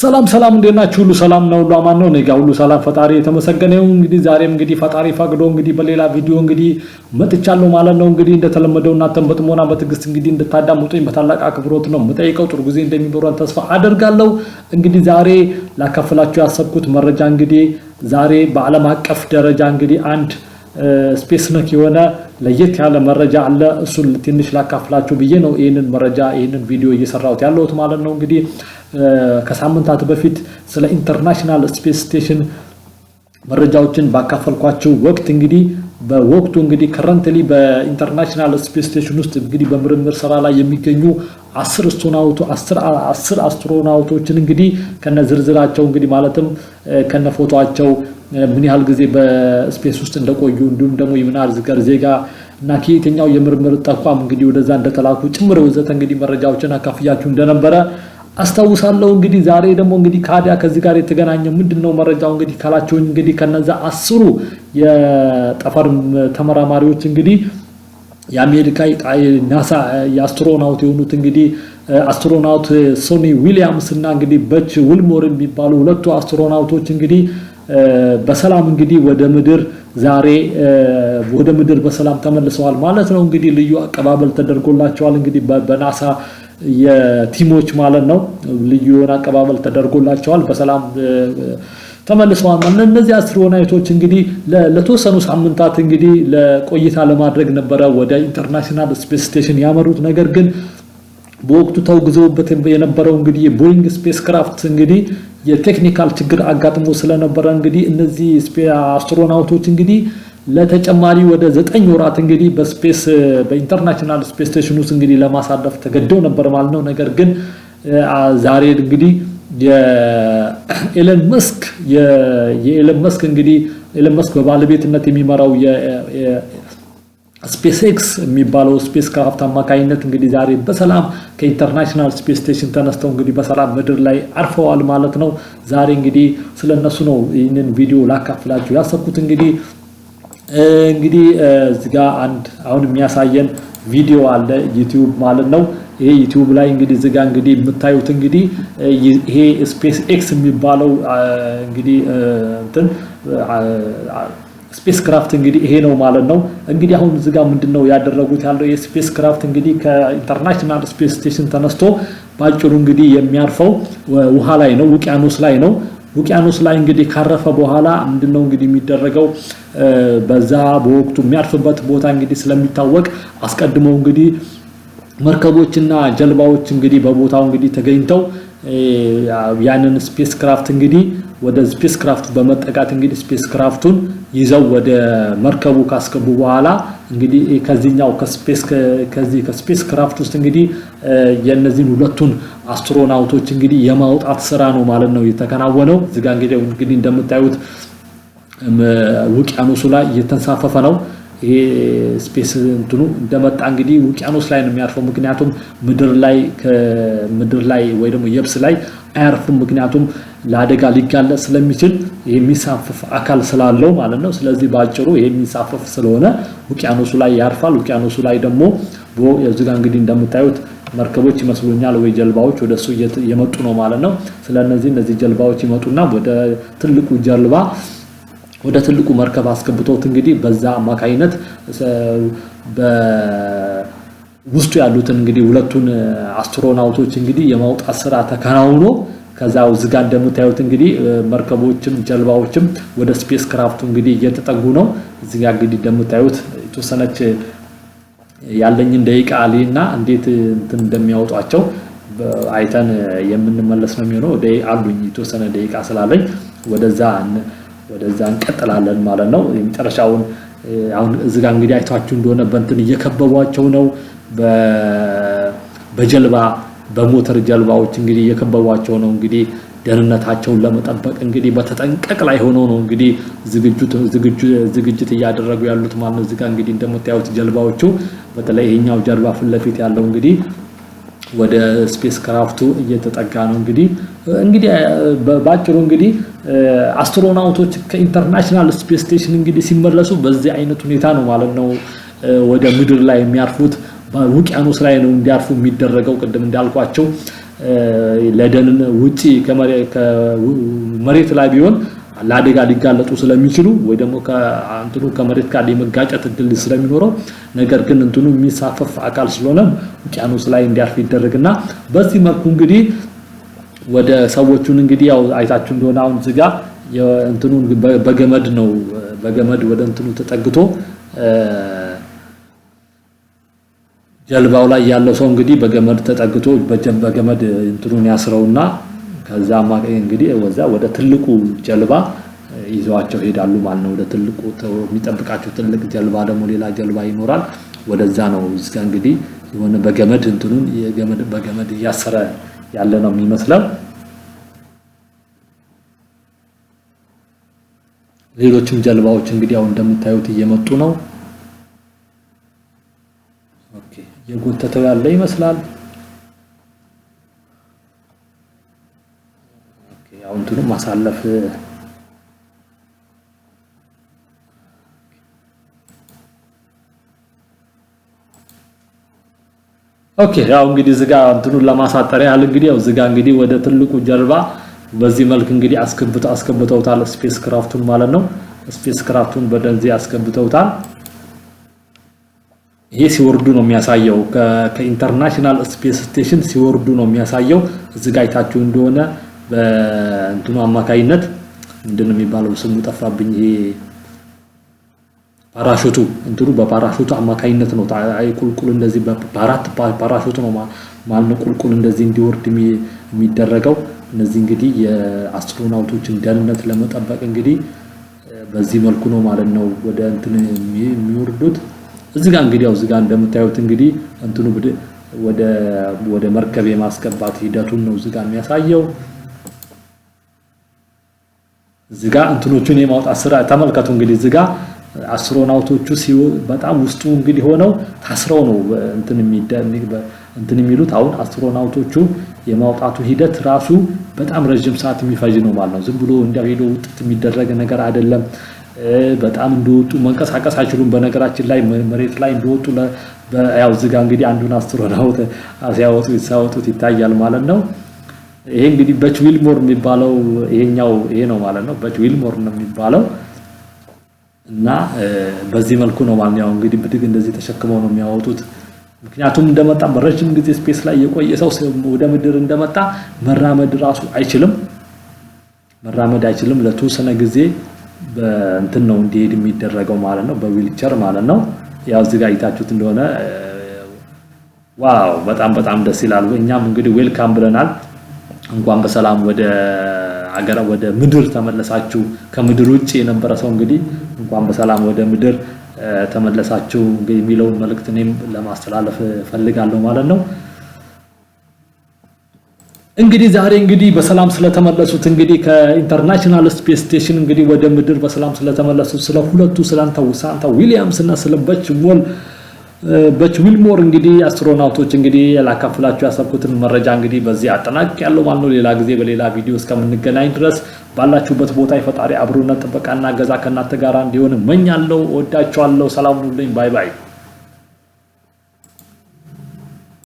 ሰላም ሰላም፣ እንዴት ናችሁ? ሁሉ ሰላም ነው፣ ሁሉ አማን ነው። እኔ ሁሉ ሰላም፣ ፈጣሪ የተመሰገነ ይሁን። እንግዲህ ዛሬም እንግዲህ ፈጣሪ ፈቅዶ እንግዲህ በሌላ ቪዲዮ እንግዲህ መጥቻለሁ ማለት ነው። እንግዲህ እንደተለመደው እናንተም በጥሞና በትዕግስት እንግዲህ እንድታዳምጡኝ በታላቅ አክብሮት ነው የምጠይቀው። ጥሩ ጊዜ እንደሚኖረን ተስፋ አደርጋለሁ። እንግዲህ ዛሬ ላካፍላችሁ ያሰብኩት መረጃ እንግዲህ ዛሬ በዓለም አቀፍ ደረጃ እንግዲህ አንድ ስፔስ ነክ የሆነ ለየት ያለ መረጃ አለ። እሱን ትንሽ ላካፍላችሁ ብዬ ነው ይህንን መረጃ ይህንን ቪዲዮ እየሰራሁት ያለሁት ማለት ነው። እንግዲህ ከሳምንታት በፊት ስለ ኢንተርናሽናል ስፔስ ስቴሽን መረጃዎችን ባካፈልኳቸው ወቅት እንግዲህ በወቅቱ እንግዲህ ከረንትሊ በኢንተርናሽናል ስፔስ ስቴሽን ውስጥ እንግዲህ በምርምር ስራ ላይ የሚገኙ አስር አስር አስትሮናውቶችን እንግዲህ ከነ ዝርዝራቸው እንግዲህ ማለትም ከነ ፎቶቸው ምን ያህል ጊዜ በስፔስ ውስጥ እንደቆዩ እንዲሁም ደግሞ የምናርዝ ዝገር ዜጋ እና ከየትኛው የምርምር ተቋም እንግዲህ ወደዛ እንደተላኩ ጭምር ወዘተ እንግዲህ መረጃዎችን አካፍያችሁ እንደነበረ አስታውሳለሁ እንግዲህ ዛሬ ደግሞ እንግዲህ ካዲያ ከዚህ ጋር የተገናኘ ምንድን ነው መረጃው እንግዲህ ካላችሁ እንግዲህ ከነዛ አስሩ የጠፈር ተመራማሪዎች እንግዲህ የአሜሪካ ናሳ የአስትሮናውት የሆኑት እንግዲህ አስትሮናውት ሶኒ ዊሊያምስ እና እንግዲህ በች ውልሞር የሚባሉ ሁለቱ አስትሮናውቶች እንግዲህ በሰላም እንግዲህ ወደ ምድር ዛሬ ወደ ምድር በሰላም ተመልሰዋል ማለት ነው። እንግዲህ ልዩ አቀባበል ተደርጎላቸዋል እንግዲህ በናሳ የቲሞች ማለት ነው ልዩ የሆነ አቀባበል ተደርጎላቸዋል። በሰላም ተመልሰዋል። እነዚህ አስር እንግዲህ ለተወሰኑ ሳምንታት እንግዲህ ለቆይታ ለማድረግ ነበረ ወደ ኢንተርናሽናል ስፔስ ስቴሽን ያመሩት። ነገር ግን በወቅቱ ተውግዘውበት የነበረው እንግዲህ የቦይንግ ስፔስ ክራፍት እንግዲህ የቴክኒካል ችግር አጋጥሞ ስለነበረ እንግዲህ እነዚህ አስትሮናውቶች እንግዲህ ለተጨማሪ ወደ ዘጠኝ ወራት እንግዲህ በስፔስ በኢንተርናሽናል ስፔስ ስቴሽን ውስጥ እንግዲህ ለማሳለፍ ተገደው ነበር ማለት ነው። ነገር ግን ዛሬ እንግዲህ የኤለን መስክ የኤለን መስክ እንግዲህ ኤለን መስክ በባለቤትነት የሚመራው ስፔስ ኤክስ የሚባለው ስፔስ ክራፍት አማካኝነት እንግዲህ ዛሬ በሰላም ከኢንተርናሽናል ስፔስ ስቴሽን ተነስተው እንግዲህ በሰላም ምድር ላይ አርፈዋል ማለት ነው። ዛሬ እንግዲህ ስለነሱ ነው ይህንን ቪዲዮ ላካፍላችሁ ያሰብኩት እንግዲህ እንግዲህ እዚህ ጋር አንድ አሁን የሚያሳየን ቪዲዮ አለ ዩቲዩብ ማለት ነው። ይሄ ዩቲዩብ ላይ እንግዲህ እዚህ ጋር እንግዲህ የምታዩት እንግዲህ ይሄ ስፔስ ኤክስ የሚባለው እንግዲህ እንትን ስፔስ ክራፍት እንግዲህ ይሄ ነው ማለት ነው። እንግዲህ አሁን እዚህ ጋር ምንድነው ያደረጉት ያለው የስፔስ ክራፍት እንግዲህ ከኢንተርናሽናል ስፔስ ስቴሽን ተነስቶ ባጭሩ እንግዲህ የሚያርፈው ውሃ ላይ ነው፣ ውቅያኖስ ላይ ነው። ውቅያኖስ ላይ እንግዲህ ካረፈ በኋላ ምንድነው እንግዲህ የሚደረገው በዛ በወቅቱ የሚያርፍበት ቦታ እንግዲህ ስለሚታወቅ አስቀድመው እንግዲህ መርከቦችና ጀልባዎች እንግዲህ በቦታው እንግዲህ ተገኝተው ያንን ስፔስ ክራፍት እንግዲህ ወደ ስፔስ ክራፍቱ በመጠቃት እንግዲህ ስፔስ ክራፍቱን ይዘው ወደ መርከቡ ካስገቡ በኋላ እንግዲህ ከዚህኛው ከስፔስ ከዚህ ከስፔስ ክራፍት ውስጥ እንግዲህ የነዚህን ሁለቱን አስትሮናውቶች እንግዲህ የማውጣት ስራ ነው ማለት ነው የተከናወነው። እዚጋ እንግዲህ እንደምታዩት ውቅያኖሱ ላይ እየተንሳፈፈ ነው። ይሄ ስፔስ እንትኑ እንደመጣ እንግዲህ ውቅያኖስ ላይ ነው የሚያርፈው። ምክንያቱም ምድር ላይ ከምድር ላይ ወይ ደግሞ የብስ ላይ አያርፍም። ምክንያቱም ለአደጋ ሊጋለጥ ስለሚችል የሚንሳፈፍ አካል ስላለው ማለት ነው። ስለዚህ በአጭሩ የሚንሳፈፍ ስለሆነ ውቅያኖሱ ላይ ያርፋል። ውቅያኖሱ ላይ ደግሞ እዚህ እንግዲህ እንደምታዩት መርከቦች ይመስሉኛል ወይ ጀልባዎች ወደ እሱ እየመጡ ነው ማለት ነው። ስለነዚህ እነዚህ ጀልባዎች ይመጡና ወደ ትልቁ ጀልባ ወደ ትልቁ መርከብ አስገብተውት እንግዲህ በዛ አማካይነት ውስጡ ያሉትን እንግዲህ ሁለቱን አስትሮናውቶች እንግዲህ የማውጣት ስራ ተከናውኖ ከዛው ዝጋ እንደምታዩት እንግዲህ መርከቦችም ጀልባዎችም ወደ ስፔስ ክራፍቱ እንግዲህ እየተጠጉ ነው። እዚህ ጋር እንግዲህ እንደምታዩት የተወሰነች ያለኝን ደቂቃ አለና እንዴት እንትን እንደሚያወጧቸው አይተን የምንመለስ ነው የሚሆነው። አሉኝ የተወሰነ ደቂቃ ስላለኝ ወደዛ ወደዛ እንቀጥላለን ማለት ነው። የመጨረሻውን አሁን እዚህ ጋር እንግዲህ አይታችሁ እንደሆነ በእንትን እየከበቧቸው ነው። በጀልባ በሞተር ጀልባዎች እንግዲህ እየከበቧቸው ነው እንግዲህ ደህንነታቸውን ለመጠበቅ እንግዲህ በተጠንቀቅ ላይ ሆኖ ነው እንግዲህ ዝግጅት እያደረጉ ያሉት ማለት ነው። እዚህ ጋር እንግዲህ እንደምታዩት ጀልባዎቹ በተለይ ይሄኛው ጀልባ ፊት ለፊት ያለው እንግዲህ ወደ ስፔስ ክራፍቱ እየተጠጋ ነው። እንግዲህ እንግዲህ በአጭሩ እንግዲህ አስትሮናውቶች ከኢንተርናሽናል ስፔስ ስቴሽን እንግዲህ ሲመለሱ በዚህ አይነት ሁኔታ ነው ማለት ነው ወደ ምድር ላይ የሚያርፉት። በውቅያኖስ ላይ ነው እንዲያርፉ የሚደረገው። ቅድም እንዳልኳቸው ለደንን ውጪ ከመሬት ላይ ቢሆን ለአደጋ ሊጋለጡ ስለሚችሉ ወይ ደግሞ ከእንትኑ ከመሬት ጋር የመጋጨት እድል ስለሚኖረው ነገር ግን እንትኑ የሚሳፈፍ አካል ስለሆነ ውቅያኖስ ላይ እንዲያርፍ ይደረግና በዚህ መልኩ እንግዲህ ወደ ሰዎቹን እንግዲህ ያው አይታችሁ እንደሆነ አሁን ዝጋ እንትኑን በገመድ ነው በገመድ ወደ እንትኑ ተጠግቶ ጀልባው ላይ ያለው ሰው እንግዲህ በገመድ ተጠግቶ በገመድ እንትኑን ያስረውና ከዛ አማካኝ እንግዲህ ወዛ ወደ ትልቁ ጀልባ ይዘዋቸው ሄዳሉ ማለት ነው። ወደ ትልቁ የሚጠብቃቸው ትልቅ ጀልባ ደግሞ ሌላ ጀልባ ይኖራል። ወደዛ ነው እስከ እንግዲህ የሆነ በገመድ እንትኑን የገመድ በገመድ እያሰረ ያለ ነው የሚመስለው። ሌሎችም ጀልባዎች እንግዲህ አሁን እንደምታዩት እየመጡ ነው። ኦኬ እየጎተተው ያለ ይመስላል። ያው እንትኑ ማሳለፍ ኦኬ ያው እንግዲህ እዚህ ጋር እንትኑን ለማሳጠር ያህል እንግዲህ ያው እዚህ ጋር እንግዲህ ወደ ትልቁ ጀልባ በዚህ መልክ እንግዲህ አስገብተው አስገብተውታል ስፔስ ክራፍቱን ማለት ነው። ስፔስ ክራፍቱን በደንዚህ አስገብተውታል። ይሄ ሲወርዱ ነው የሚያሳየው። ከኢንተርናሽናል ስፔስ ስቴሽን ሲወርዱ ነው የሚያሳየው። እዚህ ጋር አይታችሁ እንደሆነ በእንትኑ አማካይነት ምንድነው የሚባለው ስሙ ጠፋብኝ። ይሄ ፓራሹቱ እንትኑ በፓራሹቱ አማካይነት ነው። አይ ቁልቁል እንደዚህ በአራት ፓራሹቱ ነው ማለት ነው ቁልቁል እንደዚህ እንዲወርድ የሚደረገው። እነዚህ እንግዲህ የአስትሮናውቶችን ደህንነት ለመጠበቅ እንግዲህ በዚህ መልኩ ነው ማለት ነው ወደ እንትን የሚወርዱት። እዚህ ጋር እንግዲህ ያው እዚህ ጋር እንደምታዩት እንግዲህ እንትኑ ወደ ወደ መርከብ የማስገባት ሂደቱን ነው እዚህ ጋር የሚያሳየው። እዚህ ጋር እንትኖቹን የማውጣት ስራ ተመልከቱ። እንግዲህ እዚህ ጋር አስትሮናውቶቹ በጣም ውስጡ እንግዲህ ሆነው ታስረው ነው እንትን የሚሉት። አሁን አስትሮናውቶቹ የማውጣቱ ሂደት ራሱ በጣም ረጅም ሰዓት የሚፈጅ ነው ማለት ነው። ዝም ብሎ እንዲያው ሄዶ ውጥት የሚደረግ ነገር አይደለም። በጣም እንደወጡ መንቀሳቀስ አይችሉም። በነገራችን ላይ መሬት ላይ እንደወጡ ያው እዚህ ጋር እንግዲህ አንዱን አስትሮናውት ሲያወጡት ይታያል ማለት ነው። ይሄ እንግዲህ በች ዊልሞር የሚባለው ይሄኛው ይሄ ነው ማለት ነው። በች ዊልሞር ነው የሚባለው እና በዚህ መልኩ ነው ማለት ነው። እንግዲህ ብድግ እንደዚህ ተሸክመው ነው የሚያወጡት። ምክንያቱም እንደመጣ በረጅም ጊዜ ስፔስ ላይ የቆየ ሰው ወደ ምድር እንደመጣ መራመድ ራሱ አይችልም። መራመድ አይችልም። ለተወሰነ ጊዜ በእንትን ነው እንዲሄድ የሚደረገው ማለት ነው፣ በዊልቸር ማለት ነው። ያው እዚህ ጋር አይታችሁት እንደሆነ ዋው፣ በጣም በጣም ደስ ይላል። እኛም እንግዲህ ዌልካም ብለናል። እንኳን በሰላም ወደ አገረ ወደ ምድር ተመለሳችሁ። ከምድር ውጭ የነበረ ሰው እንግዲህ እንኳን በሰላም ወደ ምድር ተመለሳችሁ የሚለውን መልእክት እኔም ለማስተላለፍ ፈልጋለሁ ማለት ነው። እንግዲህ ዛሬ እንግዲህ በሰላም ስለተመለሱት እንግዲህ ከኢንተርናሽናል ስፔስ ስቴሽን እንግዲህ ወደ ምድር በሰላም ስለተመለሱት ስለ ሁለቱ ስለ ሳንታ ዊሊያምስ እና ስለ በች ሞል በች ዊልሞር እንግዲህ አስትሮናውቶች እንግዲህ ያላካፍላችሁ ያሰብኩትን መረጃ እንግዲህ በዚህ አጠናቅ ያለው ማለት ነው። ሌላ ጊዜ በሌላ ቪዲዮ እስከምንገናኝ ድረስ ባላችሁበት ቦታ የፈጣሪ አብሮነት ጥበቃና ገዛ ከእናንተ ጋር እንዲሆን እመኛለሁ። እወዳችኋለሁ። ሰላም ሁኑልኝ። ባይ ባይ።